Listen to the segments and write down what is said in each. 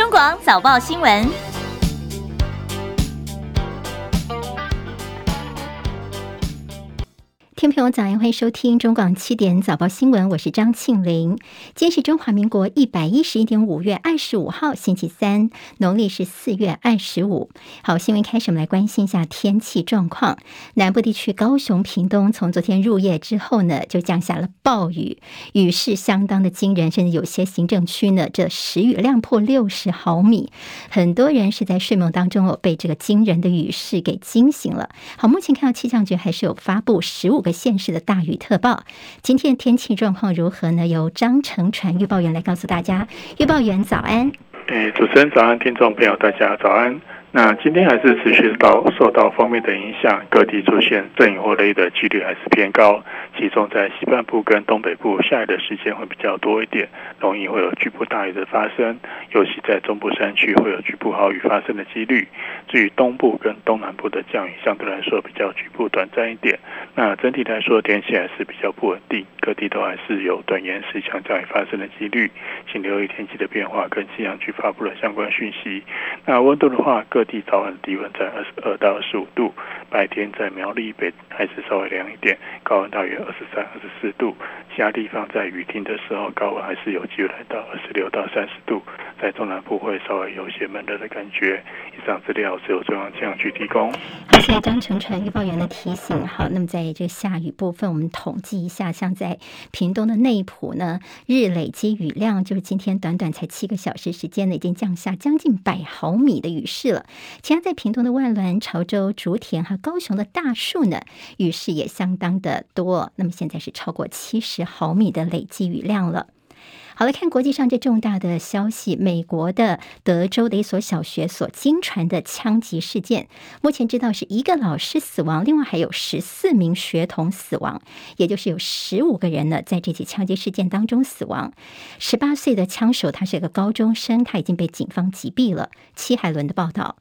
中廣早報新聞。聽，朋友早安，歡迎收聽中廣七點早報新聞，我是張慶玲。今天是中華民國一百一十一點五月二十五號星期三，農曆是四月二十五。好，新聞開始，我們來關心一下天氣狀況。南部地區高雄、屏東，從昨天入夜之後呢，就降下了暴雨，雨勢相當的驚人，甚至有些行政區呢，這時雨量破六十毫米。很多人是在睡夢當中哦，被這個驚人的雨勢給驚醒了。好，目前看到氣象局還是有發布十五個。縣市的大雨特報，今天天氣狀況如何呢？由張成傳預報員來告訴大家。預報員早安、欸。哎主持人早安，聽眾朋友大家早安。那今天還是持續到受到鋒面的影響，各地出現陣雨或雷雨的幾率還是偏高。其中在西半部跟東北部下雨的時間會比較多一點，容易會有局部大雨的發生，尤其在中部山區會有局部豪雨發生的幾率。至於東部跟東南部的降雨相對來說比較局部短暫一點。那整體來說天氣還是比較不穩定，各地都還是有短延時強降雨發生的幾率，請留意天氣的變化跟氣象局發布的相關訊息。那溫度的話各。地早晚的低溫在二十二到二十五度，白天在苗栗北，還是稍微涼一點，高溫大約二十三、二十四度。其他地方在雨停的時候，高溫還是有機會來到二十六到三十度。在中南部會稍微有些悶熱的感覺。以上資料是由中央氣象局提供。好，謝謝張成傳預報員的提醒。好，那麼在這下雨部分，我們統計一下，像在屏東的內埔呢，日累積雨量就是今天短短才七個小時時間呢，已經降下將近百毫米的雨勢了。其他在屏東的萬巒、潮州、竹田和高雄的大樹呢，雨勢也相當的多。那麼現在是超過七十毫米的累積雨量了。好，來看國際上這重大的消息，美國的德州的一所小學所驚傳的槍擊事件，目前知道是一個老師死亡，另外還有十四名學童死亡，也就是有十五個人呢，在這起槍擊事件當中死亡。十八歲的槍手，他是一個高中生，他已經被警方擊斃了。七海倫的報道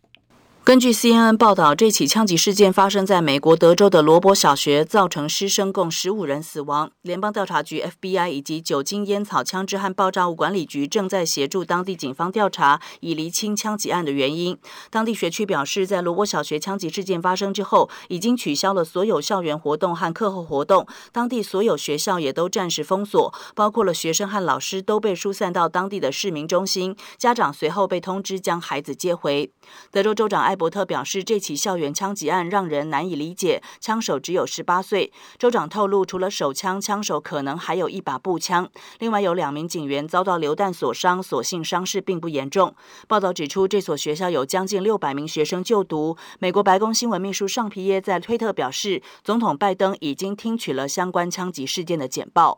根據 CNN 報道，這起槍擊事件發生在美國德州的羅伯小學，造成師生共十五人死亡。聯邦調查局 （FBI） 以及酒精、煙草、槍支和爆炸物管理局正在協助當地警方調查，以釐清槍擊案的原因。當地學區表示，在羅伯小學槍擊事件發生之後，已經取消了所有校園活動和課後活動，當地所有學校也都暫時封鎖，包括了學生和老師都被疏散到當地的市民中心。家長隨後被通知將孩子接回。德州州長艾博特表示，這起校園槍擊案讓人難以理解，槍手只有18歲。州長透露，除了手槍，槍手可能還有一把步槍。另外，有兩名警員遭到流彈所傷，所幸傷勢並不嚴重。報道指出，這所學校有將近600名學生就讀。美國白宮新聞秘書尚皮耶在推特表示，總統拜登已經聽取了相關槍擊事件的簡報。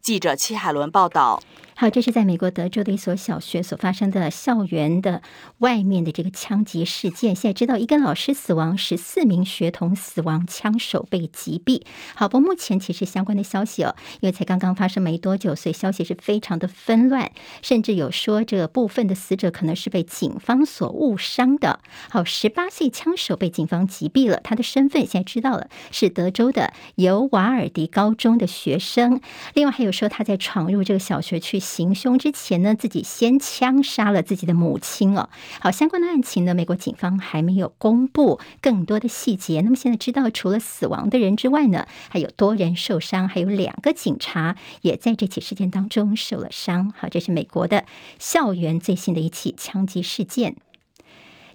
記者戚海倫報道。好，這是在美國德州的一所小學所發生的校園的外面的這個槍擊事件。現在知道，一個老師死亡，十四名學童死亡，槍手被擊斃。好，不過目前其實相關的消息哦，因為才剛剛發生沒多久，所以消息是非常的紛亂，甚至有說這部分的死者可能是被警方所誤傷的。好，十八歲槍手被警方擊斃了，他的身份現在知道了，是德州的尤瓦爾迪高中的學生。另外還有說，他在闖入這個小學去。行凶之前呢，自己先槍殺了自己的母親哦。好，相關的案情呢，美國警方還沒有公布更多的細節。那麼現在知道，除了死亡的人之外呢，還有多人受傷，還有兩個警察也在這起事件當中受了傷。好，這是美國的校園最新的一起槍擊事件。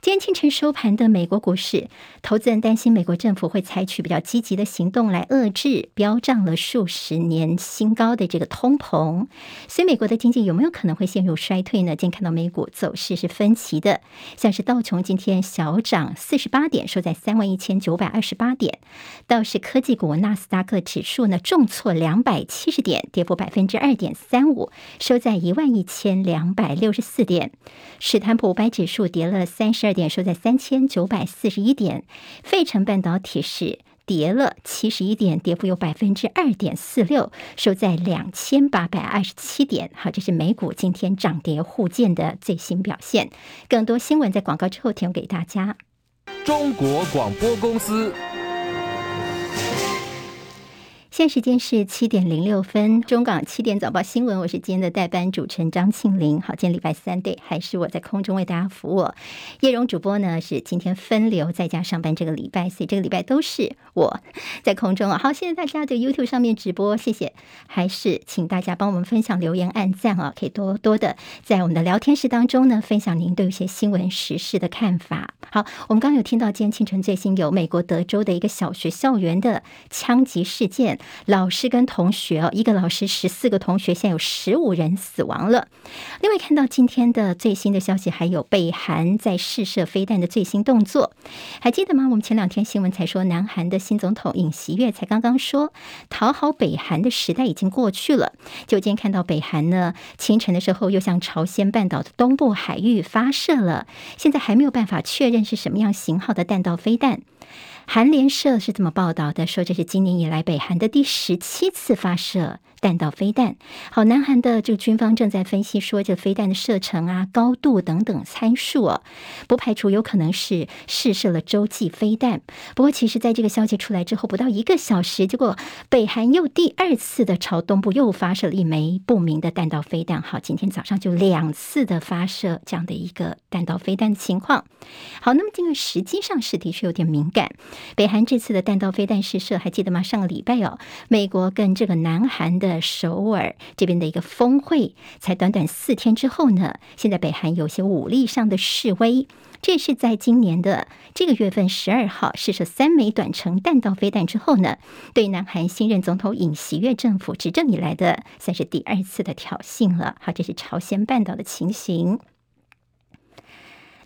今天清晨收盤的美國股市，投資人擔心美國政府會採取比較積極的行動來遏制飆漲了數十年新高的這個通膨，所以美國的經濟有沒有可能會陷入衰退呢？今天看到美股走勢是分歧的，像是道瓊今天小漲四十八點，收在三萬一千九百二十八點；倒是科技股納斯達克指數呢重挫兩百七十點，跌破百分之二點三五，收在一萬一千兩百六十四點；史坦普五百指數跌了三十二。二點，收在三千九百四十一點，費城半導體是跌了七十一點，跌幅有百分之二點四六，收在兩千八百二十七點。好，這是美股今天漲跌互見的最新表現。更多新聞在廣告之後提供給大家。中國廣播公司。現在時間是七點零六分，中廣七點早報新聞，我是今天的代班主持人張慶玲。好，今天禮拜三，對，還是我在空中為大家服務。葉蓉主播呢是今天分流在家上班，這個禮拜，所以這個禮拜都是我在空中啊。好，現在大家在 YouTube 上面直播，謝謝。還是請大家幫我們分享留言、按讚啊，可以多多的在我們的聊天室當中呢，分享您對一些新聞時事的看法。好，我們剛剛有聽到今天清晨最新有美國德州的一個小學校園的槍擊事件。老師跟同學哦，一個老師十四個同學，現在有十五人死亡了。另外，看到今天的最新的消息，還有北韓在試射飛彈的最新動作，還記得嗎？我們前兩天新聞才說，南韓的新總統尹錫悅才剛剛說，討好北韓的時代已經過去了。就今天看到北韓呢，清晨的時候又向朝鮮半島的東部海域發射了，現在還沒有辦法確認是什麼樣型號的彈道飛彈。韓聯社是這麼報道的，說這是今年以來北韓的第十七次發射。彈道飛彈，好，南韓的這個軍方正在分析說，這個、飛彈的射程啊、高度等等參數哦、啊，不排除有可能是試射了洲際飛彈。不過，其實，在這個消息出來之後不到一個小時，結果北韓又第二次的朝東部又發射了一枚不明的彈道飛彈。好，今天早上就兩次的發射這樣的一個彈道飛彈的情況。好，那麼這個實際上是的確是有點敏感，北韓這次的彈道飛彈試射，還記得嗎？上個禮拜哦，美國跟這個南韓的。首爾這邊的一個峰會，才短短四天之後呢，現在北韓有些武力上的示威，這是在今年的這個月份十二號試射三枚短程彈道飛彈之後呢，對南韓新任總統尹錫悅政府執政以來的，算是第二次的挑釁了。好，這是朝鮮半島的情形。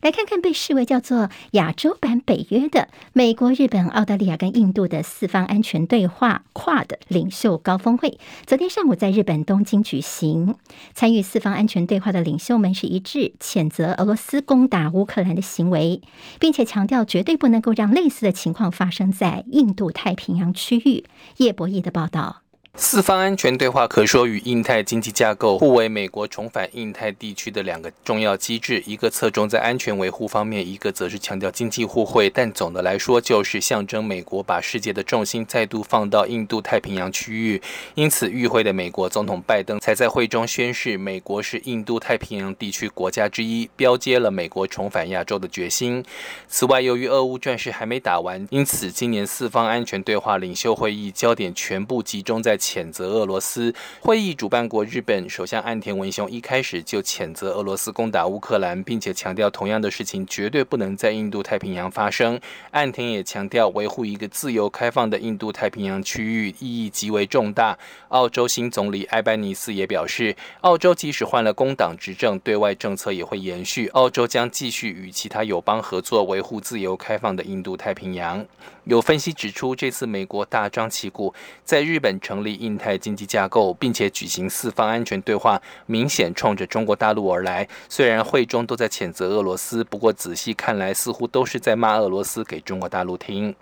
來看看被視為叫做亞洲版北約的美國、日本、澳大利亞跟印度的四方安全對話 QUAD 的領袖高峰會，昨天上午在日本東京舉行。參與四方安全對話的領袖們是一致譴責俄羅斯攻打烏克蘭的行為，並且強調絕對不能夠讓類似的情況發生在印度太平洋區域。葉博義的報道。四方安全對話可說與印太經濟架構互為美國重返印太地區的兩個重要機制，一個側重在安全維護方面，一個則是強調經濟互惠。但總的來說，就是象徵美國把世界的重心再度放到印度太平洋區域。因此，與會的美國總統拜登才在會中宣示，美國是印度太平洋地區國家之一，標接了美國重返亞洲的決心。此外，由於俄烏戰事還沒打完，因此今年四方安全對話領袖會議焦點全部集中在。譴責俄羅斯。會議主辦國日本首相岸田文雄一開始就譴責俄羅斯攻打烏克蘭，並且強調同樣的事情絕對不能在印度太平洋發生。岸田也強調，維護一個自由開放的印度太平洋區域意義極為重大。澳洲新總理埃班尼斯也表示，澳洲即使換了工黨執政，對外政策也會延續，澳洲將繼續與其他友邦合作，維護自由開放的印度太平洋。有分析指出，這次美國大張旗鼓在日本成立印太經濟架構，並且舉行四方安全對話，明顯衝着中國大陸而來。雖然會中都在譴責俄羅斯，不過仔細看來，似乎都是在罵俄羅斯給中國大陸聽。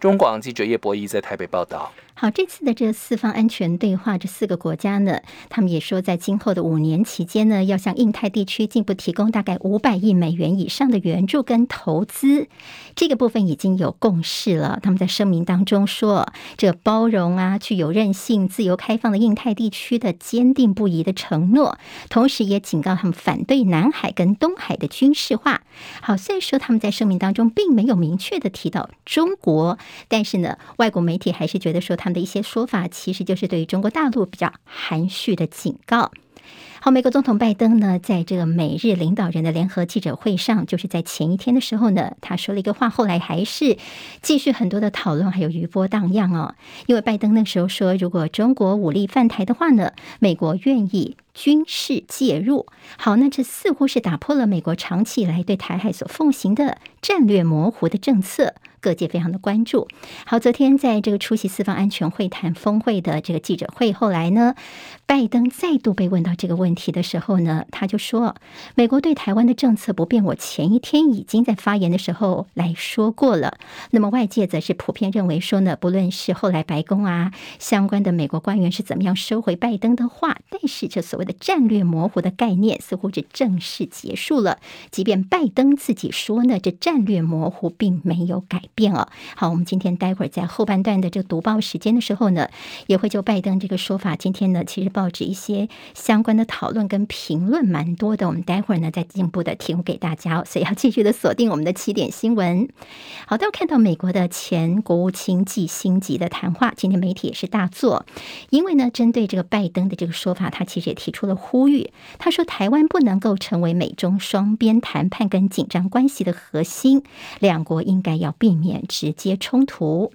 中廣記者葉博一在台北報道。好，這次的這四方安全對話，這四個國家呢，他們也說，在今後的五年期間呢，要向印太地區進一步提供大概五百億美元以上的援助跟投資。這個部分已經有共識了。他們在聲明當中說，這包容啊，具有韌性、自由開放的印太地區的堅定不移的承諾，同時也警告他們反對南海跟東海的軍事化。好，雖然說他們在聲明當中並沒有明確的提到中國，但是呢，外國媒體還是覺得說他。的一些說法，其實就是對於中國大陸比較含蓄的警告。好，美國總統拜登呢，在這個美日領導人的聯合記者會上，就是在前一天的時候呢，他說了一個話，後來還是繼續很多的討論，還有餘波蕩漾哦。因為拜登那時候說，如果中國武力犯台的話呢，美國願意軍事介入。好，那這似乎是打破了美國長期以來對台海所奉行的戰略模糊的政策。各界非常的關注。好，昨天在這個出席四方安全會談峰會的這個記者會，後來呢，拜登再度被問到這個問題的時候呢，他就說：“美國對台灣的政策不變。”我前一天已經在發言的時候來說過了。那麼外界則是普遍認為說呢，不論是後來白宮啊相關的美國官員是怎麼樣收回拜登的話，但是這所謂的戰略模糊的概念似乎是正式結束了。即便拜登自己說呢，這戰略模糊並沒有改變。變。好，我們今天待會兒在後半段的這個讀報時間的時候呢，也會就拜登這個說法，今天呢其實報紙一些相關的討論跟評論蠻多的，我們待會兒呢再進一步的提供給大家，所以要繼續的鎖定我們的七點新聞。好的，看到美國的前國務卿季辛吉的談話，今天媒體也是大作，因為呢針對這個拜登的這個說法，他其實也提出了呼籲，他說，台灣不能夠成為美中雙邊談判跟緊張關係的核心，兩國應該要避免。直接衝突。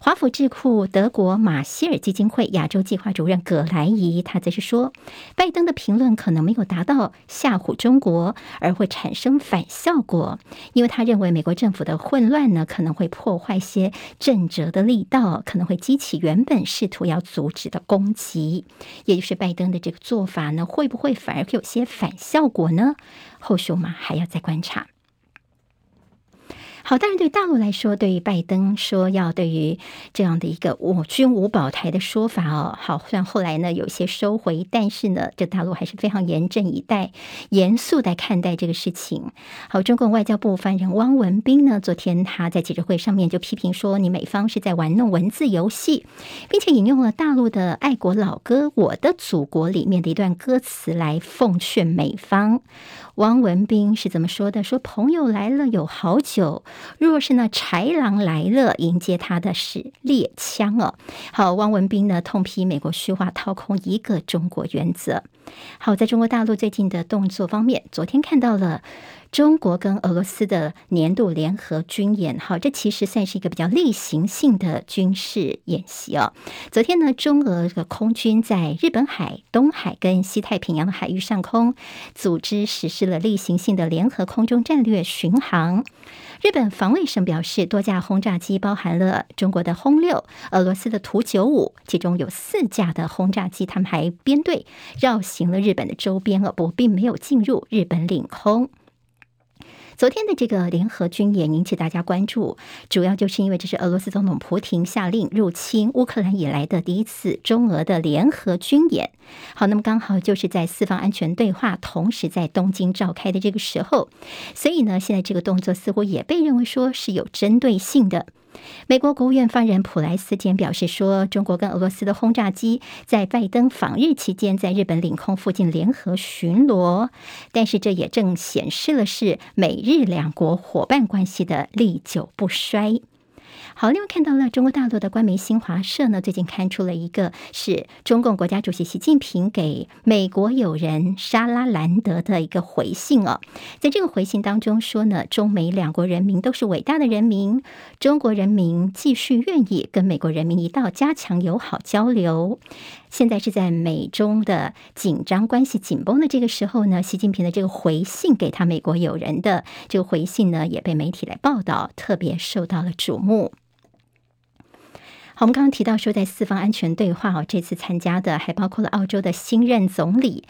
華府智庫德國馬歇爾基金會亞洲計劃主任葛萊儀，他則是說，拜登的評論可能沒有達到嚇唬中國，而會產生反效果，因為他認為美國政府的混亂呢，可能會破壞一些政治的力道，可能會激起原本試圖要阻止的攻擊。也就是拜登的這個做法呢，會不會反而會有些反效果呢？後續我們還要再觀察。好，當然對大陸來說，對於拜登說要對於這樣的一個“我軍無保台”的說法哦，好像後來呢有些收回，但是呢，這大陸還是非常嚴陣以待、嚴肅地看待這個事情。好，中共外交部發言人汪文斌呢，昨天他在記者會上面就批評說：“你美方是在玩弄文字遊戲，並且引用了大陸的愛國老歌《我的祖國》裡面的一段歌詞來奉勸美方。”汪文斌是怎麼說的？說：“朋友來了有好酒。”若是那豺狼來了，迎接他的是獵槍哦。好，汪文斌呢，痛批美國虛化、掏空一個中國原則。好，在中國大陸最近的動作方面，昨天看到了中國跟俄羅斯的年度聯合軍演。好，這其實算是一個比較例行性的軍事演習哦。昨天呢，中俄的空軍在日本海、東海跟西太平洋海域上空組織實施了例行性的聯合空中戰略巡航。日本防衛省表示，多架轟炸機包含了中國的轟六、俄羅斯的圖九五，其中有四架的轟炸機，他們還編隊繞行了日本的周邊，而不並沒有進入日本領空。昨天的這個聯合軍演引起大家關注，主要就是因為這是俄羅斯總統普丁下令入侵烏克蘭以來的第一次中俄的聯合軍演。好，那麼剛好就是在四方安全對話同時在東京召開的這個時候，所以呢，現在這個動作似乎也被認為說是有針對性的。美國國務院發言人普萊斯堅表示說：“中國跟俄羅斯的轟炸機在拜登訪日期間在日本領空附近聯合巡邏，但是這也正顯示了是美日兩國夥伴關係的歷久不衰。”好，另外看到了中國大陸的官媒新華社呢，最近刊出了一個，是中共國家主席習近平給美國友人沙拉蘭德的一個回信哦。在這個回信當中說呢，中美兩國人民都是偉大的人民，中國人民繼續願意跟美國人民一道加強友好交流。現在是在美中的緊張關係緊繃的這個時候呢，習近平的這個回信給他美國友人的這個回信呢，也被媒體來報道，特別受到了矚目。我們剛剛提到說，在四方安全對話哦，這次參加的還包括了澳洲的新任總理。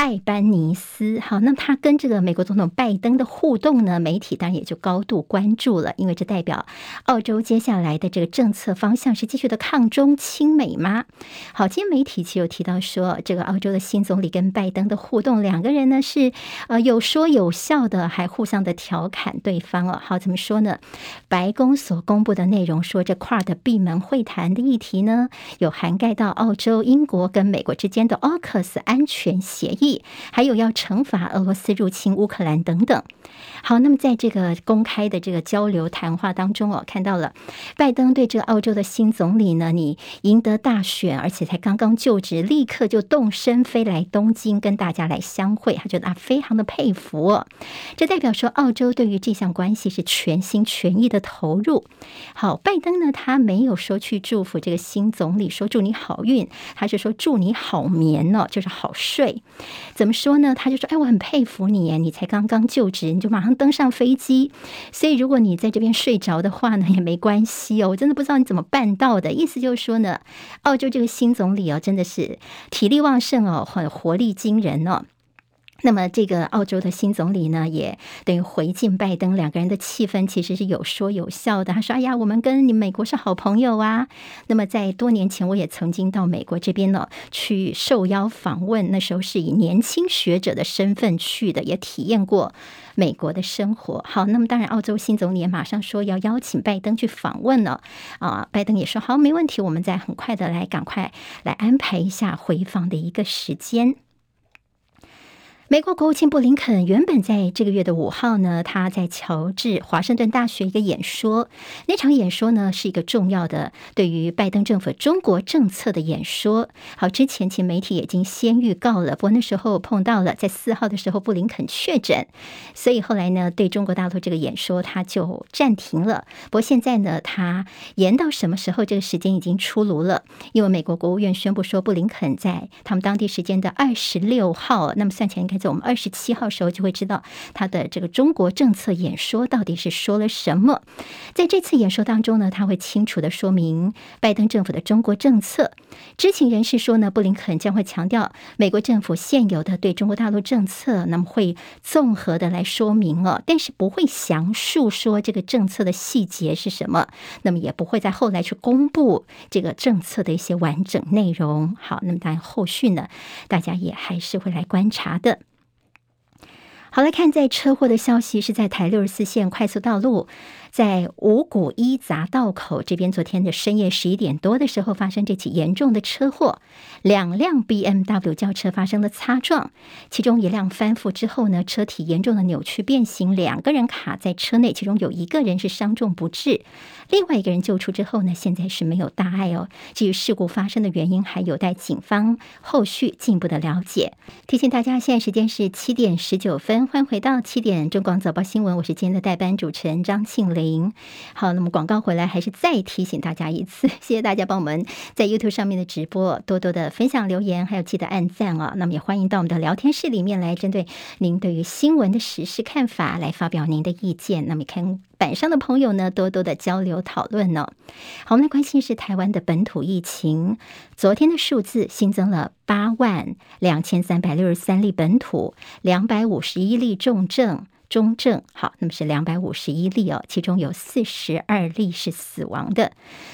艾班尼斯，好，那他跟這個美國總統拜登的互動呢？媒體當然也就高度關注了，因為這代表澳洲接下來的這個政策方向是繼續的抗中親美嗎？好，今天媒體其實有提到說，這個澳洲的新總理跟拜登的互動，兩個人呢是呃有說有笑的，還互相的調侃對方哦。好，怎麼說呢？白宮所公布的內容說，這塊的閉門會談的議題呢，有涵蓋到澳洲、英國跟美國之間的 AUKUS 安全協議。還有要懲罰俄羅斯入侵烏克蘭等等。好，那麼在這個公開的這個交流談話當中，我看到了拜登對這個澳洲的新總理呢，你贏得大選，而且才剛剛就職，立刻就動身飛來東京跟大家來相會，他覺得啊，非常的佩服。這代表說澳洲對於這項關係是全心全意的投入。好，拜登呢，他沒有說去祝福這個新總理，說祝你好運，他是說祝你好眠呢、哦，就是好睡。怎麼說呢？他就說：“哎，我很佩服你，你才剛剛就職，你就馬上登上飛機。所以，如果你在這邊睡着的話呢，也沒關係哦。我真的不知道你怎麼辦到的。意思就是說呢，澳洲這個新總理哦，真的是體力旺盛哦，很活力驚人哦。”那麼，這個澳洲的新總理呢，也等於回敬拜登，兩個人的氣氛其實是有說有笑的。他說：“哎呀，我們跟你美國是好朋友啊。”那麼，在多年前，我也曾經到美國這邊呢去受邀訪問，那時候是以年輕學者的身份去的，也體驗過美國的生活。好，那麼當然，澳洲新總理也馬上說要邀請拜登去訪問了。啊，拜登也說：“好，沒問題，我們再很快的來，趕快來安排一下回訪的一個時間。”美國國務卿布林肯原本在這個月的五號呢，他在喬治華盛頓大學一個演說，那場演說呢是一個重要的對於拜登政府中國政策的演說。好，之前其實媒體已經先預告了，不過那時候碰到了在四號的時候布林肯確診，所以後來呢對中國大陸這個演說他就暫停了。不過現在呢，他延到什麼時候？這個時間已經出爐了，因為美國國務院宣布說布林肯在他們當地時間的二十六號，那麼算起來跟在我們二十七號時候就會知道他的這個中國政策演說到底是說了什麼。在這次演說當中呢，他會清楚的說明拜登政府的中國政策。知情人士說呢，布林肯將會強調美國政府現有的對中國大陸政策，那麼會綜合的來說明了哦，但是不會詳述說這個政策的細節是什麼，那麼也不會在後來去公布這個政策的一些完整內容。好，那麼當然後續呢，大家也還是會來觀察的。好，來看在車禍的消息，是在台六十四線快速道路。在五穀一匝道口這邊，昨天的深夜十一點多的時候，發生這起嚴重的車禍，兩輛 BMW 轎車發生了擦撞，其中一輛翻覆之後呢，車體嚴重的扭曲變形，兩個人卡在車內，其中有一個人是傷重不治，另外一個人救出之後呢，現在是沒有大礙哦。至於事故發生的原因，還有待警方後續進一步的了解。提醒大家，現在時間是七點十九分，歡迎回到七點中廣早報新聞，我是今天的代班主持人張慶玲。零好，那麼廣告回來，還是再提醒大家一次，謝謝大家幫我們在 YouTube 上面的直播，多多的分享留言，還有記得按讚啊。那麼也歡迎到我們的聊天室裡面來，針對您對於新聞的時事看法來發表您的意見。那麼也看板上的朋友呢，多多的交流討論呢、啊。好，我們來關心是台灣的本土疫情，昨天的數字新增了八萬兩千三百六十三例本土，兩百五十一例重症。中正好，那麼是兩百五十一例哦，其中有四十二例是死亡的。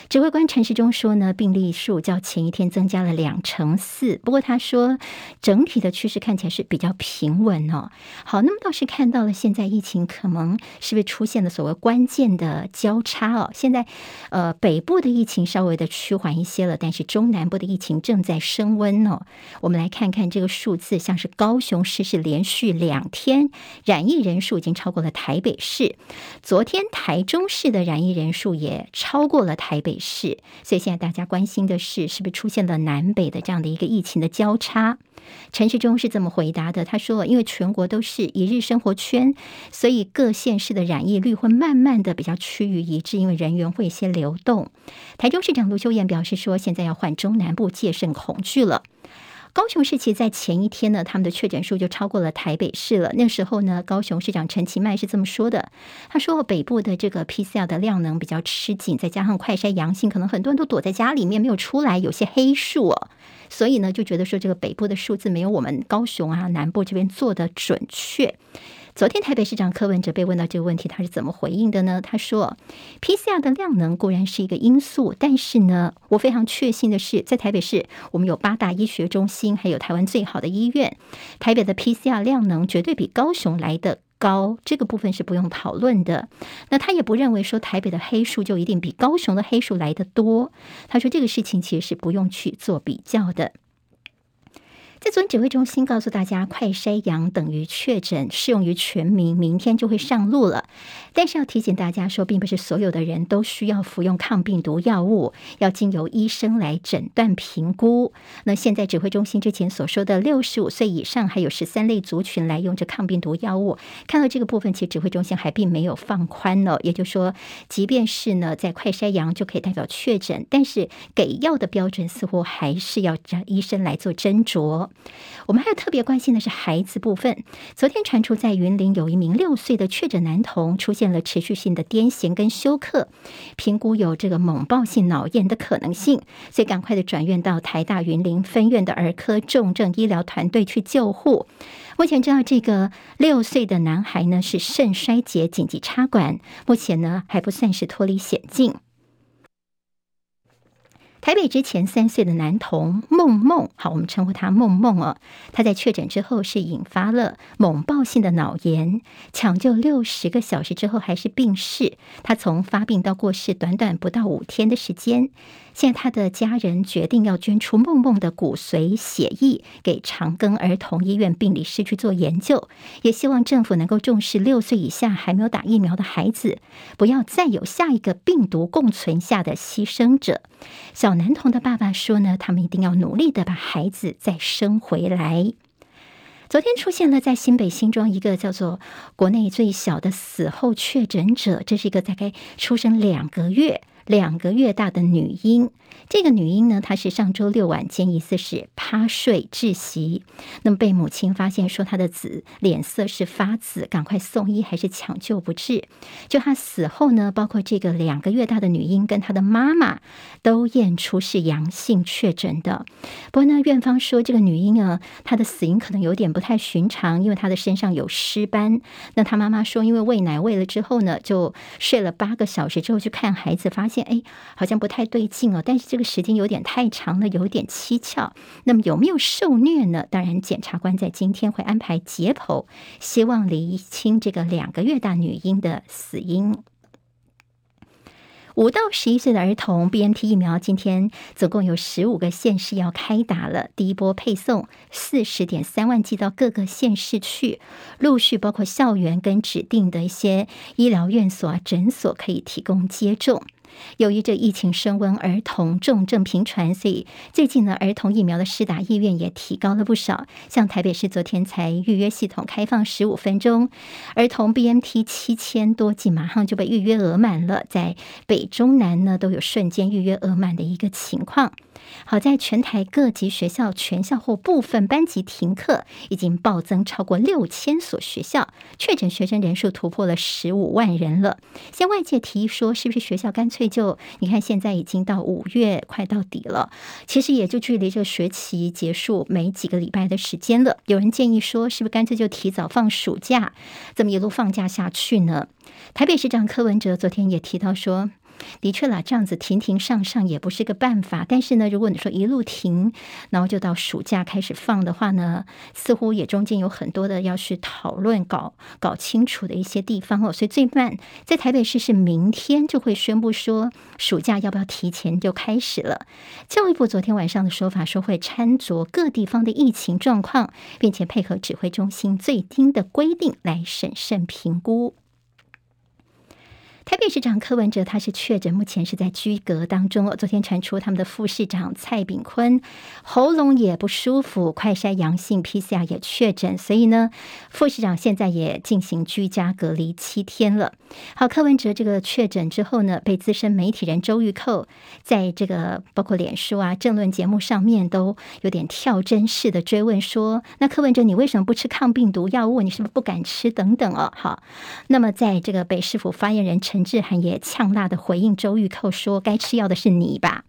指揮官陳時中說呢，病例數較前一天增加了兩成四，不過他說整體的趨勢看起來是比較平穩哦。好，那麼倒是看到了現在疫情可能是不是出現了所謂關鍵的交叉哦。現在呃，北部的疫情稍微的趨緩一些了，但是中南部的疫情正在升溫哦。我們來看看這個數字，像是高雄市是連續兩天染疫人數，數已經超過了台北市，昨天台中市的染疫人數也超過了台北市，所以現在大家關心的是是不是出現了南北的這樣的一個疫情的交叉？陳時中是這麼回答的，他說：“因為全國都是一日生活圈，所以各縣市的染疫率會慢慢的比較趨於一致，因為人員會有些流動。”台中市長盧秀燕表示說：“現在要換中南部戒慎恐懼了。”高雄市其實，在前一天呢，他們的確診數就超過了台北市了。那時候呢，高雄市長陳其邁是這麼說的：“他說北部的這個 PCR 的量能比較吃緊，再加上快篩陽性，可能很多人都躲在家裡面沒有出來，有些黑數、哦，所以呢，就覺得說這個北部的數字沒有我們高雄啊南部這邊做的準確。”昨天台北市長柯文哲被問到這個問題，他是怎麼回應的呢？他說，PCR 的量能固然是一個因素，但是呢，我非常確信的是，在台北市我們有八大醫學中心，還有台灣最好的醫院，台北的 PCR 量能絕對比高雄來得高，這個部分是不用討論的。那他也不認為說台北的黑數就一定比高雄的黑數來得多。他說這個事情其實是不用去做比較的。在昨天指揮中心告訴大家，快篩陽等於確診，適用於全民，明天就會上路了。但是要提醒大家說，並不是所有的人都需要服用抗病毒藥物，要經由醫生來診斷評估。那現在指揮中心之前所說的六十五歲以上還有十三類族群來用這抗病毒藥物，看到這個部分，其實指揮中心還並沒有放寬呢。也就是說，即便是呢在快篩陽就可以代表確診，但是給藥的標準似乎還是要讓醫生來做斟酌。我們還有特別關心的是孩子部分。昨天傳出在雲林有一名六歲的確診男童出現了持續性的癲癇跟休克，評估有這個猛爆性腦炎的可能性，所以趕快的轉院到台大雲林分院的兒科重症醫療團隊去救護。目前知道這個六歲的男孩呢是腎衰竭緊急插管，目前呢還不算是脫離險境。台北之前三歲的男童夢夢，好，我們稱呼他夢夢哦，他在確診之後是引發了猛爆性的腦炎，搶救六十個小時之後還是病逝，他從發病到過世短短不到五天的時間。現在他的家人決定要捐出夢夢的骨髓血液給長庚兒童醫院病理室去做研究，也希望政府能夠重視六歲以下還沒有打疫苗的孩子，不要再有下一個病毒共存下的犧牲者。小男童的爸爸說呢，他們一定要努力的把孩子再生回來。昨天出現了在新北新莊一個叫做國內最小的死後確診者，這是一個大概出生兩個月。兩個月大的女嬰，這個女嬰呢，她是上周六晚間疑似是趴睡窒息，那麼被母親發現說她的子臉色是發紫，趕快送醫還是搶救不治。就她死後呢，包括這個兩個月大的女嬰跟她的媽媽都驗出是陽性確診的。不過呢，院方說這個女嬰啊，她的死因可能有點不太尋常，因為她的身上有屍斑。那她媽媽說，因為餵奶餵了之後呢，就睡了八個小時之後去看孩子，發現。見，哎，好像不太對勁哦，但是這個時間有點太長了，有點蹊蹺。那麼有沒有受虐呢？當然，檢察官在今天會安排解剖，希望理清這個兩個月大女嬰的死因。五到十一歲的兒童 BNT 疫苗，今天總共有十五個縣市要開打了，第一波配送四十點三萬劑到各個縣市去，陸續包括校園跟指定的一些醫療院所啊、診所可以提供接種。由於這疫情升溫，兒童重症頻傳，所以最近呢，兒童疫苗的施打意願也提高了不少。像台北市昨天才預約系統開放十五分鐘，兒童 BNT 七千多劑馬上就被預約額滿了，在北中南呢都有瞬間預約額滿的一個情況。好在全台各級學校全校或部分班級停課，已經暴增超過六千所學校，確診學生人數突破了十五萬人了。向外界提議說，是不是學校乾脆就……你看現在已經到五月，快到底了，其實也就距離這學期結束沒幾個禮拜的時間了。有人建議說，是不是乾脆就提早放暑假，這麼一路放假下去呢？台北市長柯文哲昨天也提到說。的確啦，這樣子停停上上也不是個辦法。但是呢，如果你說一路停，然後就到暑假開始放的話呢，似乎也中間有很多的要去討論、搞搞清楚的一些地方哦。所以最慢在台北市是明天就會宣佈說，暑假要不要提前就開始了。教育部昨天晚上的說法說，會參酌各地方的疫情狀況，並且配合指揮中心最新的規定來審慎評估。副市長柯文哲，他是確診，目前是在居隔當中哦。昨天傳出他們的副市長蔡炳坤喉嚨也不舒服，快篩陽性，PCR 也確診，所以呢，副市長現在也進行居家隔離七天了。好，柯文哲這個確診之後呢，被資深媒體人周玉蔻在這個包括臉書啊、政論節目上面都有點跳針式的追問說：“那柯文哲，你為什麼不吃抗病毒藥物？你是不是不敢吃？”等等哦、啊。好，那麼在這個北市府發言人陳。是韓也嗆辣的回應周玉蔻說：“該吃藥的是你吧？”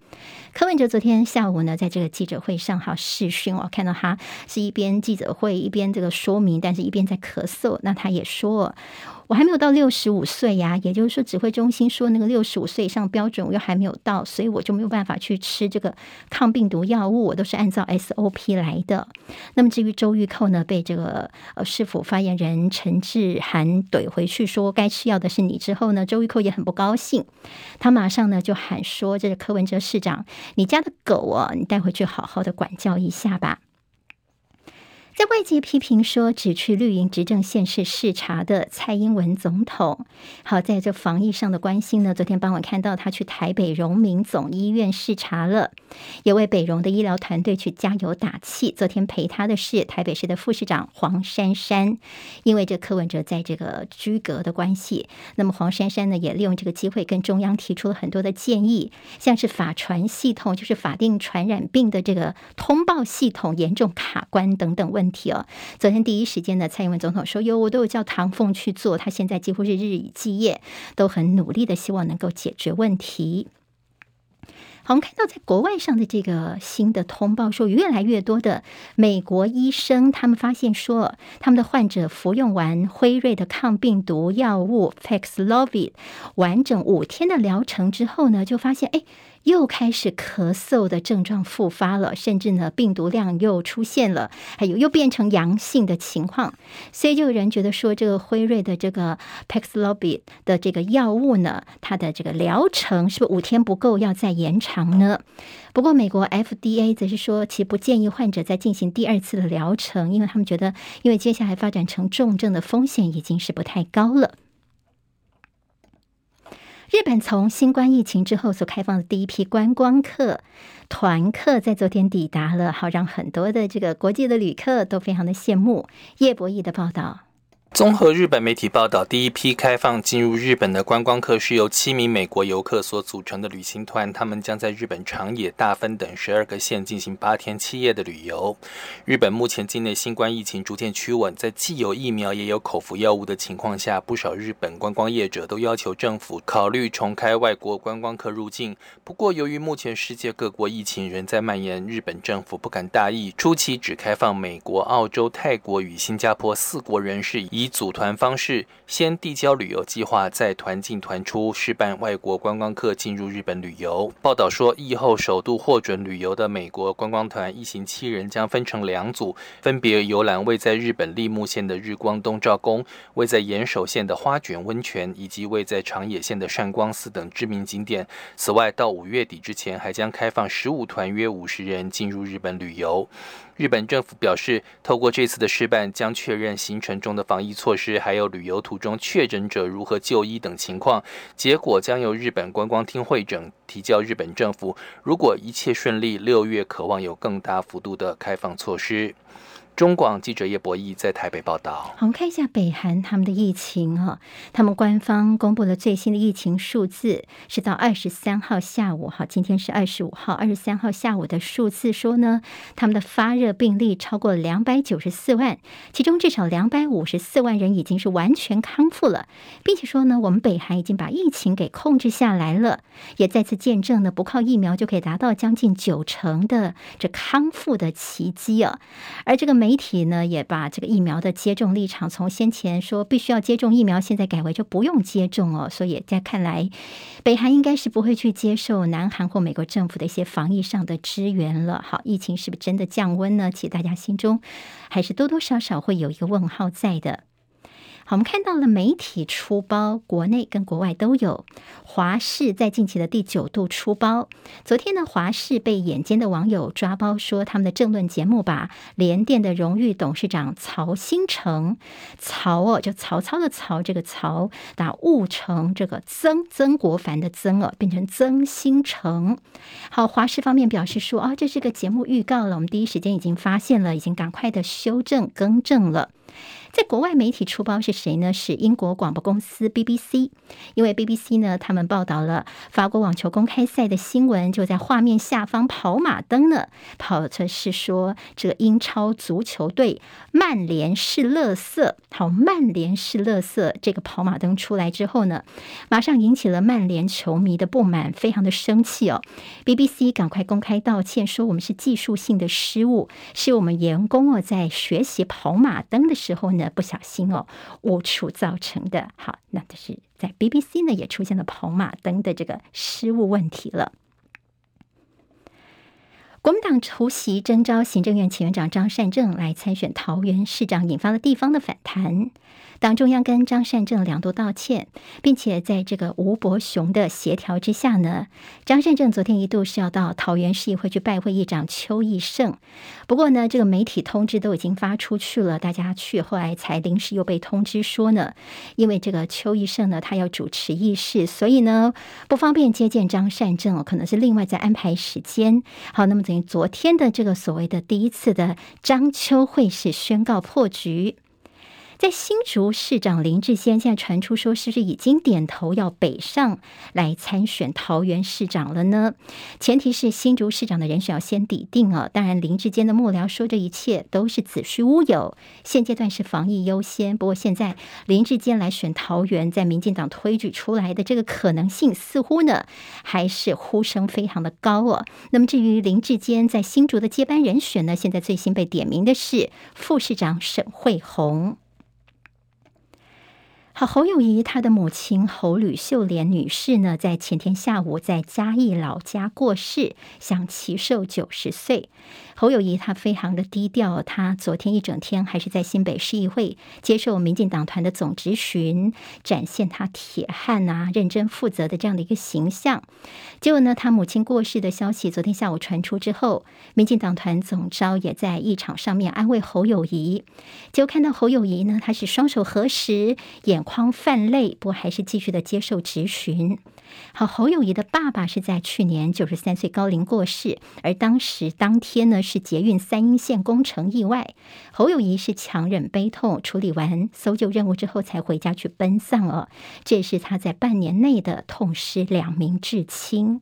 柯文哲昨天下午呢，在這個記者會上好視訊哦，我看到他是一邊記者會一邊這個說明，但是一邊在咳嗽。那他也說。我還沒有到六十五歲呀、啊，也就是說，指揮中心說那個六十五歲以上標準，我又還沒有到，所以我就沒有辦法去吃這個抗病毒藥物。我都是按照 SOP 來的。那麼至於周玉蔻呢，被這個呃市府發言人陳智菡懟回去說該吃藥的是你之後呢，周玉蔻也很不高興，他馬上呢就喊說：“這是柯文哲市長，你家的狗啊，你帶回去好好的管教一下吧。”在外界批評說只去綠營執政縣市視察的蔡英文總統，好在這防疫上的關心呢。昨天傍晚看到他去台北榮民總醫院視察了，也為北榮的醫療團隊去加油打氣。昨天陪他的是台北市的副市長黃珊珊，因為這柯文哲在這個居隔的關係，那麼黃珊珊呢也利用這個機會跟中央提出了很多的建議，像是法傳系統，就是法定傳染病的這個通報系統嚴重卡關等等問。問題哦，昨天第一時間呢，蔡英文總統說：“有我都有叫唐鳳去做，他現在幾乎是日以繼夜，都很努力的希望能夠解決問題。”好，我們看到在國外上的這個新的通報說，越來越多的美國醫生他們發現說，他們的患者服用完輝瑞的抗病毒藥物 Paxlovid 完整五天的療程之後呢，就發現哎。又開始咳嗽的症狀復發了，甚至呢病毒量又出現了，還有又變成陽性的情況，所以就有人覺得說這個輝瑞的這個 Paxlovid 的這個藥物呢，它的這個療程是不是五天不夠要再延長呢？不過美國 FDA 則是說，其實不建議患者再進行第二次的療程，因為他們覺得因為接下來發展成重症的風險已經是不太高了。日本從新冠疫情之後所開放的第一批觀光客團客，在昨天抵達了，好讓很多的這個國際的旅客都非常的羨慕。葉博弈的報道綜合日本媒體報道，第一批開放進入日本的觀光客是由七名美國遊客所組成的旅行團，他們將在日本長野、大分等十二個縣進行八天七夜的旅遊。日本目前境內新冠疫情逐漸趨穩，在既有疫苗也有口服藥物的情況下，不少日本觀光業者都要求政府考慮重開外國觀光客入境。不過，由於目前世界各國疫情仍在蔓延，日本政府不敢大意，初期只開放美國、澳洲、泰國與新加坡四國人士以以組團方式先遞交旅遊計劃，再團進團出試辦外國觀光客進入日本旅遊。報道說，疫後首度獲准旅遊的美國觀光團一行七人將分成兩組，分別遊覽位在日本櫪木縣的日光東照宮、位在岩手縣的花卷溫泉以及位在長野縣的善光寺等知名景點。此外，到五月底之前還將開放十五團約五十人進入日本旅遊。日本政府表示，透過這次的試辦，將確認行程中的防疫措施，還有旅遊途中確診者如何就醫等情況。結果將由日本觀光廳彙整，提交日本政府。如果一切順利，六月可望有更大幅度的開放措施。中廣記者葉博義在台北報道。好，我們看一下北韓他們的疫情哦、啊。他們官方公布了最新的疫情數字，是到二十三號下午。哈，今天是二十五號，二十三號下午的數字說呢，他們的發熱病例超過兩百九十四萬，其中至少兩百五十四萬人已經是完全康復了，並且說呢，我們北韓已經把疫情給控制下來了，也再次見證呢，不靠疫苗就可以達到將近九成的這康復的奇蹟啊。而這個美媒體呢也把這個疫苗的接種立場，從先前說必須要接種疫苗，現在改為就不用接種哦。所以在看來，北韓應該是不會去接受南韓或美國政府的一些防疫上的支援了。好，疫情是不是真的降溫呢？其實大家心中還是多多少少會有一個問號在的。好，我們看到了媒體出包，國內跟國外都有。華視在近期的第九度出包，昨天呢，華視被眼尖的網友抓包，說他們的政論節目把聯電的榮譽董事長曹新成，曹哦，就曹操的曹這個曹打誤成這個曾曾國藩的曾哦、啊，變成曾新成。好，華視方面表示說啊、哦，這是個節目預告了，我們第一時間已經發現了，已經趕快的修正更正了。在國外媒體出包是誰呢？是英國廣播公司 BBC，因為 BBC 呢，他們報道了法國網球公開賽的新聞，就在畫面下方跑馬燈呢，跑出是說這個英超足球隊曼聯是樂色，好，曼聯是樂色。這個跑馬燈出來之後呢，馬上引起了曼聯球迷的不滿，非常的生氣哦。BBC 趕快公開道歉，說我們是技術性的失誤，是我們員工哦，在學習跑馬燈的時候呢。不小心哦，誤觸造成的。好，那就是在 BBC 呢，也出現了跑馬燈的這個失誤問題了。國民黨主席徵召行政院前院長張善政來參選桃園市長，引發了地方的反彈。黨中央跟張善政兩度道歉，並且在這個吳伯雄的協調之下呢，張善政昨天一度是要到桃園市議會去拜會議長邱奕勝，不過呢，這個媒體通知都已經發出去了，大家去後來才臨時又被通知說呢，因為這個邱奕勝呢，他要主持議事，所以呢不方便接見張善政哦，可能是另外再安排時間。好，那麼等於昨天的這個所謂的第一次的張邱會是宣告破局。在新竹市長林智堅現在傳出說，是不是已經點頭要北上來參選桃園市長了呢？前提是新竹市長的人選要先底定哦、啊。當然，林智堅的幕僚說這一切都是子虛烏有。現階段是防疫優先，不過現在林智堅來選桃園，在民進黨推舉出來的這個可能性，似乎呢還是呼聲非常的高哦、啊。那麼至於林智堅在新竹的接班人選呢，現在最新被點名的是副市長沈慧虹。好，侯友宜他的母親侯呂秀蓮女士呢，在前天下午在嘉義老家過世，享耆壽九十歲。侯友宜他非常的低調，他昨天一整天還是在新北市議會接受民進黨團的總質詢，展現他鐵漢啊認真負責的這樣的一個形象。結果呢，他母親過世的消息昨天下午傳出之後，民進黨團總召也在議場上面安慰侯友宜。就看到侯友宜呢，他是雙手合十，眼眶泛淚，不過還是繼續的接受質詢。好，侯友宜的爸爸是在去年九十三歲高齡過世，而當時當天呢。是捷運三鶯線工程意外，侯友宜是強忍悲痛，處理完搜救任務之後才回家去奔喪哦。這是他在半年內的痛失兩名至親。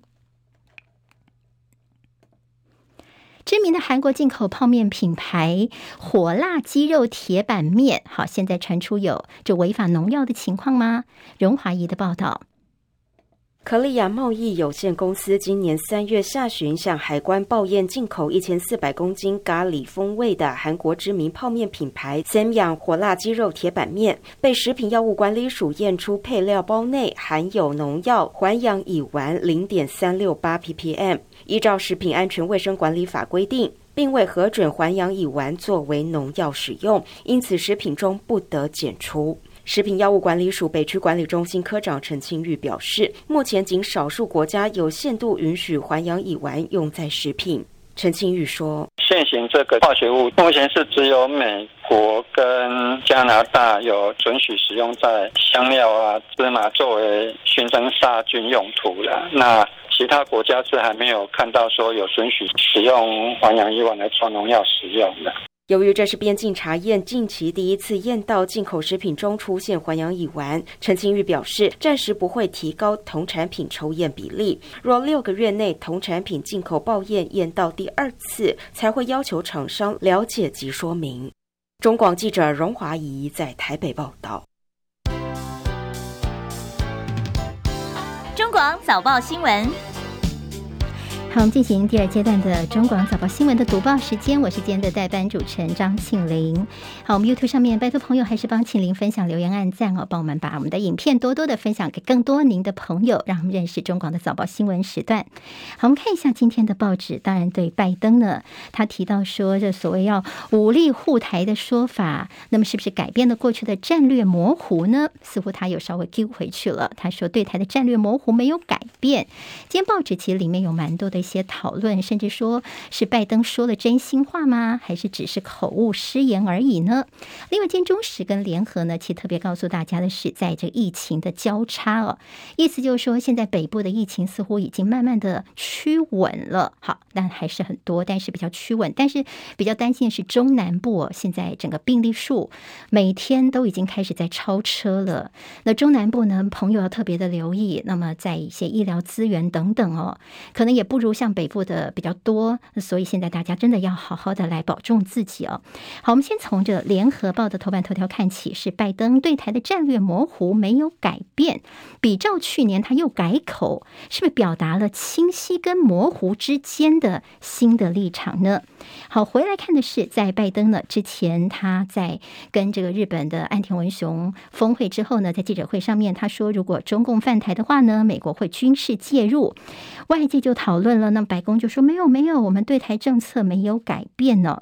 知名的韓國進口泡麵品牌火辣雞肉鐵板麵，好，現在傳出有這違法農藥的情況嗎？榮華儀的報道。可利亞貿易有限公司今年三月下旬向海關報驗進口一千四百公斤咖喱風味的韓國知名泡面品牌三養火辣雞肉鐵板面，被食品藥物管理署驗出配料包內含有農藥環氧乙烷零點三六八 ppm。依照食品安全衛生管理法規定，並未核准環氧乙烷作為農藥使用，因此食品中不得檢出。食品藥物管理署北區管理中心科長陳慶玉表示，目前僅少數國家有限度允許環氧乙烷用在食品。陳慶玉說：“現行這個化學物，目前是只有美國跟加拿大有准許使用在香料啊、芝麻作為燻蒸殺菌用途了。那其他國家是還沒有看到說有准許使用環氧乙烷來作農藥使用的。”由於這是邊境查驗近期第一次驗到進口食品中出現環氧乙烷，陳清玉表示，暫時不會提高同產品抽驗比例。若六個月內同產品進口報驗驗到第二次，才會要求廠商了解及說明。中廣記者榮華儀在台北報道。中廣早報新聞。好，我們進行第二階段的中廣早報新聞的讀報時間，我是今天的代班主持人張慶玲。好，我們 YouTube 上面拜托朋友還是幫慶玲分享留言、按讚哦，幫我們把我們的影片多多的分享給更多您的朋友，讓我們認識中廣的早報新聞時段。好，我們看一下今天的報紙。當然，對拜登呢，他提到說這所謂要武力護台的說法，那麼是不是改變了過去的戰略模糊呢？似乎他又稍微 Q 回去了。他說對台的戰略模糊沒有改變。今天報紙其實裡面有蠻多的。一些討論，甚至說是拜登說了真心話嗎？還是只是口誤失言而已呢？另外，今中時跟聯合呢，其實特別告訴大家的是，在這疫情的交叉哦，意思就是說，現在北部的疫情似乎已經慢慢的趨穩了。好，但還是很多，但是比較趨穩。但是比較擔心的是中南部哦，現在整個病例數每天都已經開始在超車了。那中南部呢，朋友要特別的留意。那麼，在一些醫療資源等等哦，可能也不如。像北部的比較多，所以現在大家真的要好好的來保重自己哦。好，我們先從這《聯合報》的頭版頭條看起，是拜登對台的戰略模糊沒有改變，比照去年他又改口，是不是表達了清晰跟模糊之間的新的立場呢？好，回來看的是，在拜登呢之前，他在跟這個日本的岸田文雄峰會之後呢，在記者會上面，他說如果中共犯台的話呢，美國會軍事介入。外界就討論了，那白宮就說沒有沒有，我們對台政策沒有改變呢。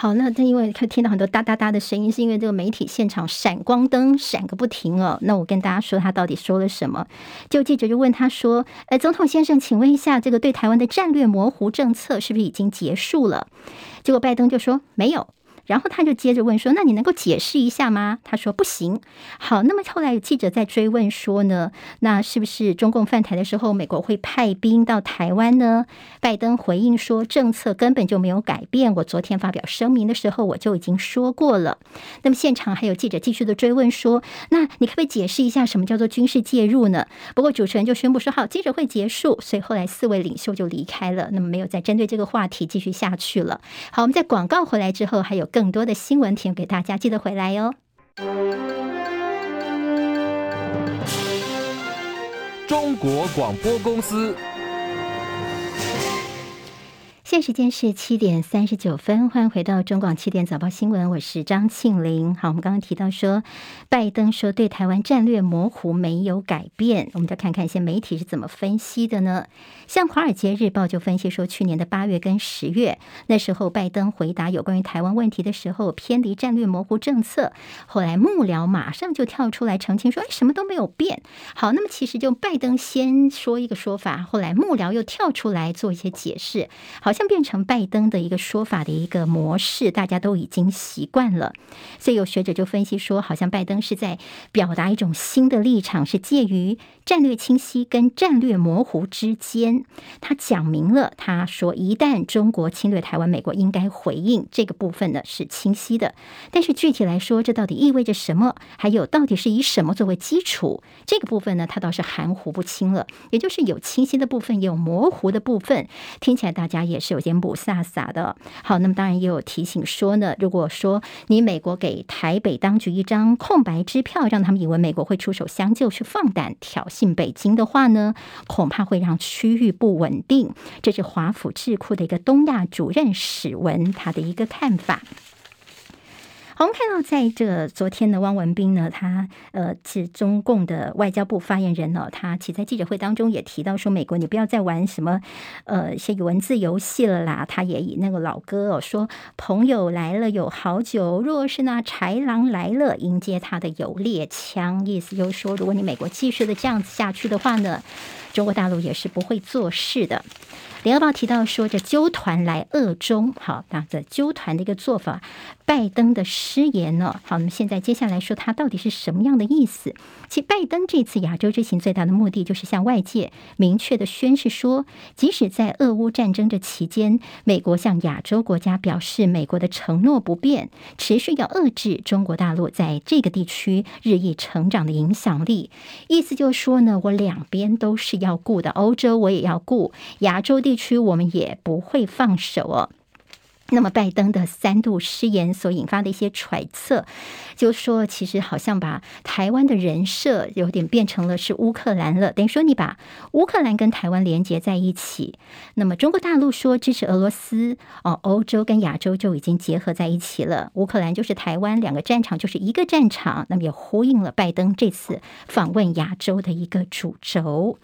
好，那他因為看聽到很多噠噠噠的聲音，是因為這個媒體現場閃光燈閃個不停哦。那我跟大家說，他到底說了什麼？就記者就問他說：“呃，總統先生，請問一下，這個對台灣的戰略模糊政策是不是已經結束了？”結果拜登就說：“沒有。”然後他就接着問說：“那你能夠解釋一下嗎？”他說：“不行。”好，那麼後來有記者在追問說呢：“那是不是中共犯台的時候，美國會派兵到台灣呢？”拜登回應說：“政策根本就沒有改變。我昨天發表聲明的時候，我就已經說過了。”那麼現場還有記者繼續的追問說：“那你可不可以解釋一下什麼叫做軍事介入呢？”不過主持人就宣布說：“好，記者會結束。”所以後來四位領袖就離開了，那麼沒有再針對這個話題繼續下去了。好，我們在廣告回來之後，還有更更多的新聞提供給大家，記得回來喲、哦！中國廣播公司。現時間是七點三十九分，歡迎回到中廣七點早報新聞，我是張慶玲。好，我們剛剛提到說，拜登說對台灣戰略模糊沒有改變，我們再看看一些媒體是怎麼分析的呢？像《華爾街日報》就分析說，去年的八月跟十月那時候，拜登回答有關於台灣問題的時候偏離戰略模糊政策，後來幕僚馬上就跳出來澄清說，誒、哎，什麼都沒有變。好，那麼其實就拜登先說一個說法，後來幕僚又跳出來做一些解釋，好像。變成拜登的一個說法的一個模式，大家都已經習慣了。所以有學者就分析說，好像拜登是在表達一種新的立場，是介於戰略清晰跟戰略模糊之間。他講明了，他說一旦中國侵略台灣，美國應該回應，這個部分呢是清晰的。但是具體來說，這到底意味着什麼？還有到底是以什麼作為基礎？這個部分呢，他倒是含糊不清了。也就是有清晰的部分，也有模糊的部分。聽起來大家也是。有些不颯颯的，好，那麼當然也有提醒說呢，如果說你美國給台北當局一張空白支票，讓他們以為美國會出手相救，去放膽挑釁北京的話呢，恐怕會讓區域不穩定。這是華府智庫的一個東亞主任史文他的一個看法。我們看到，在這昨天的汪文斌呢，他呃是中共的外交部發言人呢，哦，他其實在記者會當中也提到說，美國你不要再玩什麼呃一些文字遊戲了啦。他也以那個老歌，哦、說：“朋友來了有好酒，若是那豺狼來了，迎接他的有獵槍。”意思就是說，如果你美國繼續的這樣子下去的話呢，中國大陸也是不會做事的。《聯合報》提到說，這揪團來鄂中好，打着揪團的一個做法，拜登的失言呢？好，我們現在接下來說，他到底是什麼樣的意思？其實，拜登這次亞洲之行最大的目的，就是向外界明確的宣示說，即使在俄烏戰爭這期間，美國向亞洲國家表示，美國的承諾不變，持續要遏制中國大陸在這個地區日益成長的影響力。意思就是說呢，我兩邊都是要顧的，歐洲我也要顧，亞洲的。地區我們也不會放手哦。那麼，拜登的三度失言所引發的一些揣測，就說其實好像把台灣的人設有點變成了是烏克蘭了。等於說，你把烏克蘭跟台灣連接在一起，那麼中國大陸說支持俄羅斯哦，歐洲跟亞洲就已經結合在一起了。烏克蘭就是台灣，兩個戰場就是一個戰場。那麼也呼應了拜登這次訪問亞洲的一個主軸。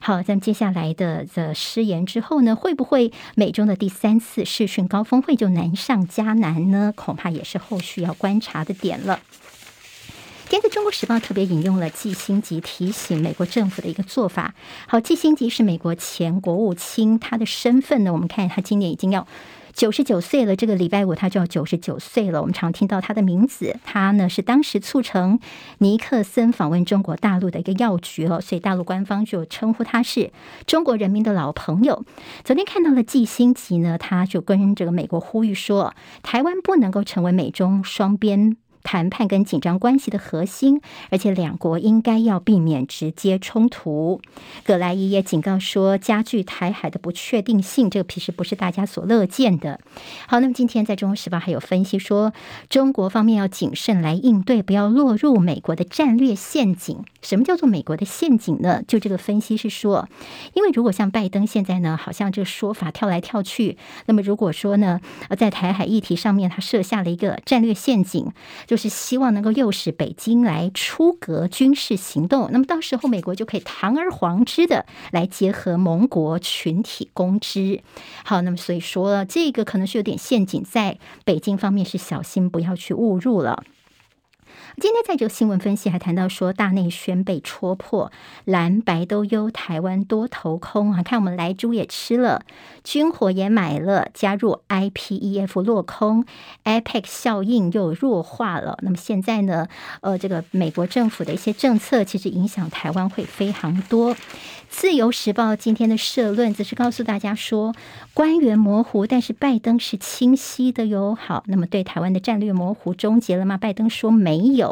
好，咱們接下來的這失言之後呢，會不會美中的第三次視訊高峰會就難上加難呢？恐怕也是後續要觀察的點了。今天在《中國時報》特別引用了基辛吉提醒美國政府的一個做法。好，基辛吉是美國前國務卿，他的身份呢？我們看他今年已經要，九十九歲了，這個禮拜五他就要九十九歲了。我們常聽到他的名字，他呢是當時促成尼克森訪問中國大陸的一個要角哦，了，所以大陸官方就稱呼他是中國人民的老朋友。昨天看到了季辛吉呢，他就跟這個美國呼籲說，台灣不能夠成為美中雙邊。談判跟緊張關係的核心，而且兩國應該要避免直接衝突。葛萊伊也警告說，加劇台海的不確定性，這個其實不是大家所樂見的。好，那麼今天在《中國時報》還有分析說，中國方面要謹慎來應對，不要落入美國的戰略陷阱。什麼叫做美國的陷阱呢？就這個分析是說，因為如果像拜登現在呢，好像這個說法跳來跳去，那麼如果說呢，在台海議題上面他設下了一個戰略陷阱，就是希望能夠誘使北京來出格軍事行動，那麼到時候美國就可以堂而皇之的來結合盟國群體攻之。好，那麼所以說這個可能是有點陷阱，在北京方面是小心不要去誤入了。今天在這個新聞分析還談到說，大內宣被戳破，藍白都憂，台灣多頭空啊！看我們萊豬也吃了，軍火也買了，加入 IPEF 落空，APEC 效應又弱化了。那麼現在呢？呃，這個美國政府的一些政策其實影響台灣會非常多。自由時報今天的社論則是告訴大家說，官員模糊，但是拜登是清晰的喲。好，那麼對台灣的戰略模糊終結了嗎？拜登說沒有。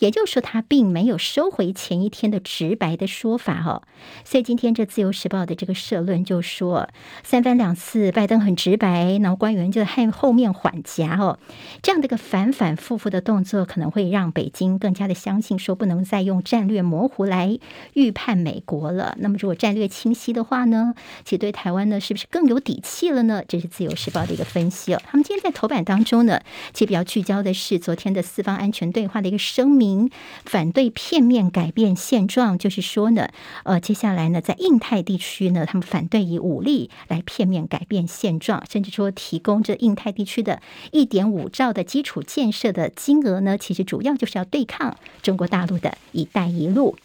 也就是說，他並沒有收回前一天的直白的說法哈、哦，所以今天這《自由時報》的這個社論就說，三番兩次拜登很直白，然後官員就在後面緩頰哦，這樣的一個反反复复的動作，可能會讓北京更加的相信說，不能再用戰略模糊來預判美國了。那麼，如果戰略清晰的話呢，其實對台灣呢，是不是更有底氣了呢？這是《自由時報》的一個分析哦。他們今天在頭版當中呢，其實比較聚焦的是昨天的四方安全對話的一個。聲明反對片面改變現狀，就是說呢，呃，接下來呢，在印太地區呢，他們反對以武力來片面改變現狀，甚至說提供這印太地區的一點五兆的基礎建設的金額呢，其實主要就是要對抗中國大陸的一帶一路。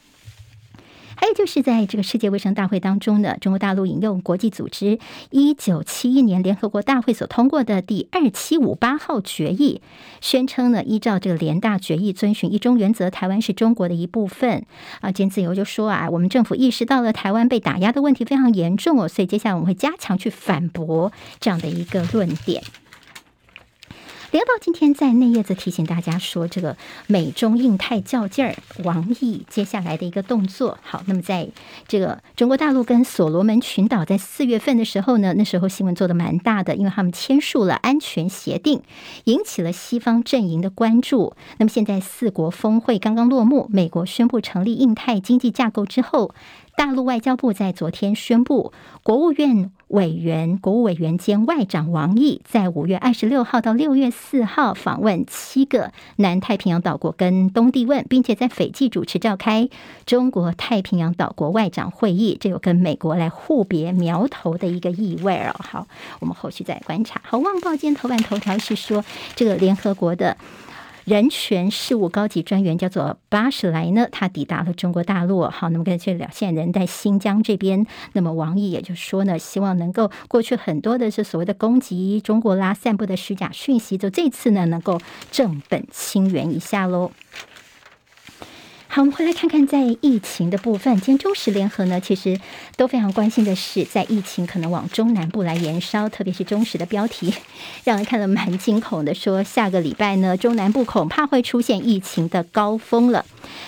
還有、哎、就是在這個世界衛生大會當中呢，中國大陸引用國際組織一九七一年聯合國大會所通過的第二七五八號決議，宣稱呢，依照這個聯大決議，遵循一中原則，台灣是中國的一部分。啊，簡自由就說啊，我們政府意識到了台灣被打壓的問題非常嚴重哦，所以接下來我們會加強去反駁這樣的一個論點。《聯合報》今天在內頁子提醒大家說，這個美中印太較勁兒，王毅接下來的一個動作。好，那麼在這個中國大陸跟所羅門群島在四月份的時候呢，那時候新聞做得蠻大的，因為他們簽署了安全協定，引起了西方陣營的關注。那麼現在四國峰會剛剛落幕，美國宣布成立印太經濟架構之後，大陸外交部在昨天宣布，國務院。委員國務委員兼外長王毅在五月二十六號到六月四號訪問七個南太平洋島國跟東帝汶，並且在斐濟主持召開中國太平洋島國外長會議，這有跟美國來互別苗頭的一個意味哦。好，我們後續再觀察。好，旺報今天頭版頭條是說這個聯合國的。人權事務高級專員叫做巴什萊呢，他抵達了中國大陸。好，那麼剛才這倆現在人在新疆這邊。那麼王毅也就說呢，希望能夠過去很多的是所謂的攻擊中國啦，散布的虛假訊息，就這次呢能夠正本清源一下嘍。好，我們回來看看在疫情的部分。今天中時聯合呢，其實都非常關心的是，在疫情可能往中南部來延燒，特別是中時的標題讓人看了蠻驚恐的說，說下個禮拜呢，中南部恐怕會出現疫情的高峰了。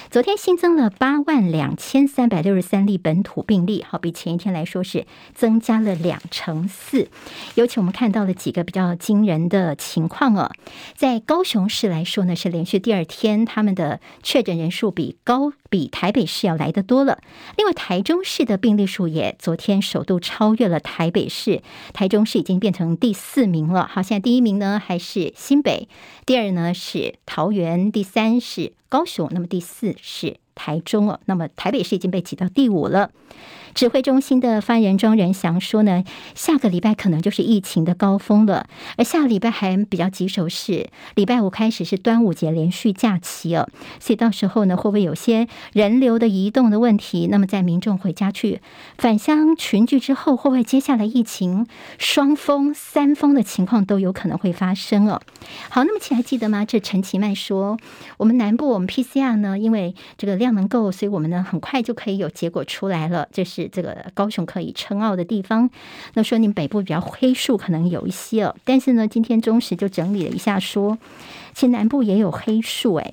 昨天新增了八萬兩千三百六十三例本土病例，好，比前一天來說是增加了兩成四。尤其我們看到了幾個比較驚人的情況哦，在高雄市來說呢，是連續第二天他們的確診人數比。高比台北市要來得多了。另外，台中市的病例數也昨天首度超越了台北市，台中市已經變成第四名了。好，現在第一名呢還是新北，第二呢是桃園，第三是。高雄，那麼第四是台中哦，那麼台北市已經被擠到第五了。指揮中心的發言人莊人祥說呢，下個禮拜可能就是疫情的高峰了，而下個禮拜還比較棘手是禮拜五開始是端午節連續假期哦、啊，所以到時候呢，會不會有些人流的移動的問題？那麼在民眾回家去返鄉群聚之後，會不會接下來疫情雙峰、三峰的情況都有可能會發生哦、啊？好，那麼請，還記得嗎？這陳其邁說，我們南部。我們 PCR 呢，因為這個量能夠，所以我們呢很快就可以有結果出來了。這是這個高雄可以稱傲的地方。那說你北部比較黑數可能有一些哦，但是呢，今天中時就整理了一下，說其實南部也有黑數誒。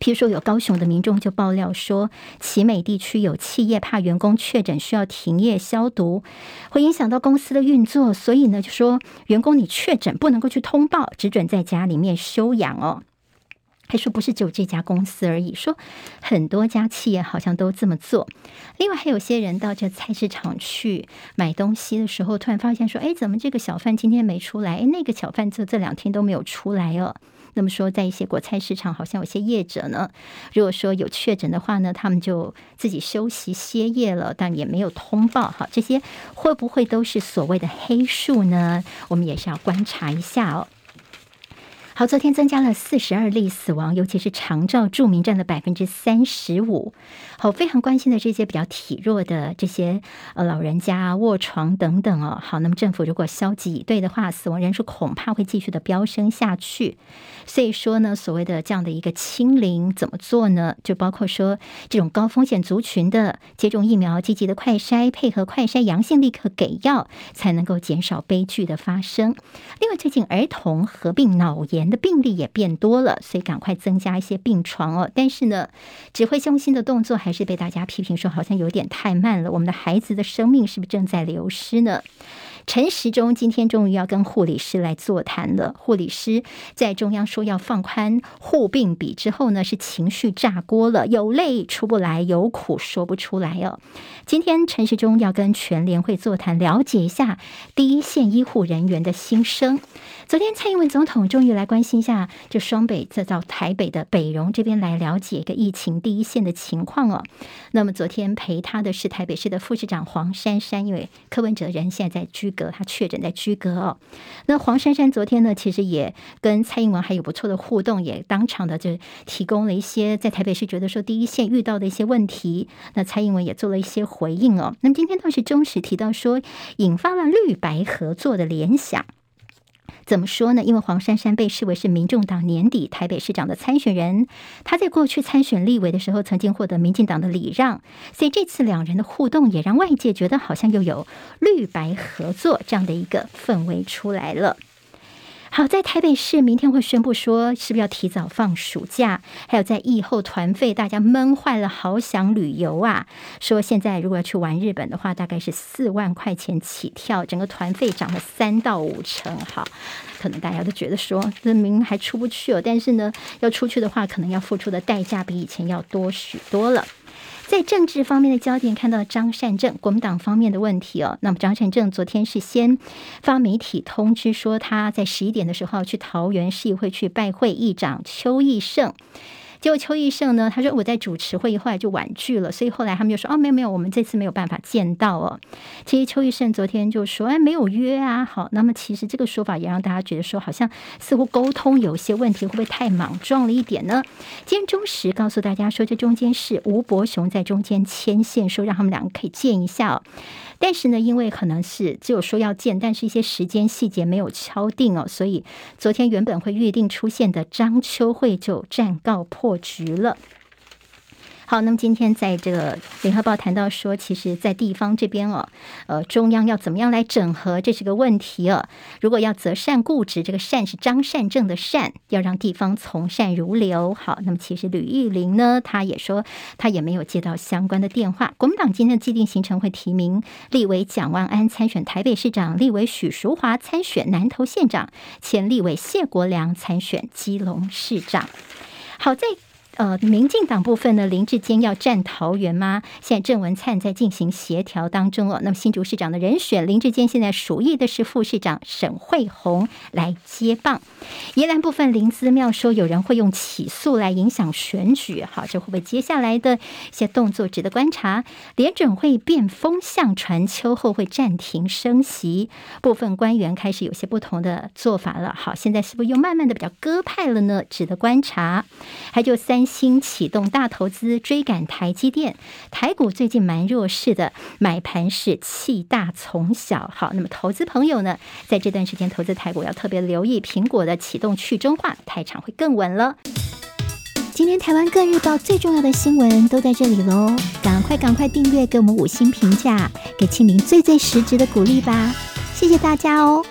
譬如說有高雄的民眾就爆料說，旗美地區有企業怕員工確診需要停業消毒，會影響到公司的運作，所以呢就說員工你確診不能夠去通報，只准在家裡面休養哦。還說不是只有這家公司而已，說很多家企業好像都這麼做。另外還有些人到這菜市場去買東西的時候，突然發現說：“誒、哎，怎麼這個小販今天沒出來？誒、哎，那個小販這這兩天都沒有出來哦。”那麼說，在一些果菜市場，好像有些業者呢，如果說有確診的話呢，他們就自己休息歇業了，但也沒有通報。哈，這些會不會都是所謂的黑數呢？我們也是要觀察一下哦。好，昨天增加了四十二例死亡，尤其是長照住民占了百分之三十五。好，非常關心的這些比較體弱的這些呃老人家臥床等等哦。好，那麼政府如果消極以對的話，死亡人數恐怕會繼續的飆升下去。所以說呢，所謂的這樣的一個清零怎麼做呢？就包括說這種高風險族群的接種疫苗、積極的快篩、配合快篩陽性立刻給藥，才能夠減少悲劇的發生。另外，最近兒童合併腦炎的病例也變多了，所以趕快增加一些病床哦。但是呢，指揮中心的動作還是被大家批評說，好像有點太慢了。我們的孩子的生命是不是正在流失呢？陳時中今天終於要跟護理師來座談了。護理師在中央說要放寬護病比之後呢，是情緒炸鍋了，有淚出不來，有苦說不出來哦。今天陳時中要跟全聯會座談，了解一下第一線醫護人員的心聲。昨天蔡英文總統終於來關心一下這雙北，再到台北的北榮這邊來了解一個疫情第一線的情況哦。那麼昨天陪他的是台北市的副市長黃珊珊，因為柯文哲人現在在居。他確診在居隔哦。那黃珊珊昨天呢，其實也跟蔡英文還有不錯的互動，也當場的就提供了一些在台北市覺得說第一線遇到的一些問題。那蔡英文也做了一些回應哦。那麼今天倒是中時提到說，引發了綠白合作的聯想。怎麼說呢？因為黃珊珊被視為是民眾黨年底台北市長的參選人，她在過去參選立委的時候曾經獲得民進黨的禮讓，所以這次兩人的互動也讓外界覺得好像又有綠白合作這樣的一個氛圍出來了。好，在台北市明天會宣布說，是不是要提早放暑假？還有，在疫後團費，大家悶壞了，好想旅遊啊！說現在如果要去玩日本的話，大概是四萬塊錢起跳，整個團費漲了三到五成。好，可能大家都覺得說，明明還出不去哦，但是呢，要出去的話，可能要付出的代價比以前要多許多了。在政治方面的焦點，看到張善政國民黨方面的問題哦。那麼張善政昨天是先發媒體通知說，他在十一點的時候去桃園市議會去拜會議長邱奕勝。結果邱毅勝呢？他說我在主持會議，後來就婉拒了。所以後來他們就說：“哦，沒有沒有，我們這次沒有辦法見到哦。”其實邱毅勝昨天就說：“哎，沒有約啊。”好，那麼其實這個說法也讓大家覺得說，好像似乎溝通有些問題，會不會太莽撞了一點呢？今天中時告訴大家說，這中間是吳伯雄在中間牽線，說讓他們兩個可以見一下哦。但是呢，因為可能是只有說要見，但是一些時間細節沒有敲定哦，所以昨天原本會預定出現的張秋會就暫告破局了。好，那麼今天在這個聯合報談到說，其實，在地方這邊哦，呃，中央要怎麼樣來整合，這是個問題哦。如果要擇善固執，這個“善”是張善政的“善”，要讓地方從善如流。好，那麼其實呂玉玲呢，他也說他也沒有接到相關的電話。國民黨今天的既定行程會提名立委蔣萬安參選台北市長，立委許淑華參選南投縣長，前立委謝國樑參選基隆市長。好在。呃，民進黨部分呢，林智堅要戰桃園嗎？現在鄭文燦在進行協調當中哦。那麼新竹市長的人選，林智堅現在屬意的是副市長沈慧虹來接棒。宜蘭部分，林姿妙說有人會用起訴來影響選舉，好，這會不會接下來的一些動作值得觀察？聯準會變風向傳，傳秋後會暫停升息，部分官員開始有些不同的做法了。好，現在是不是又慢慢的比較鴿派了呢？值得觀察。還有三。新啟動大投資追趕台積電，台股最近蠻弱勢的，買盤是棄大從小好。那麼投資朋友呢，在這段時間投資台股要特別留意蘋果的啟動去中化，台廠會更穩了。今天台灣各日報最重要的新聞都在這裡嘍，趕快趕快訂閱，給我們五星評價，給慶玲最最實質的鼓勵吧，謝謝大家哦。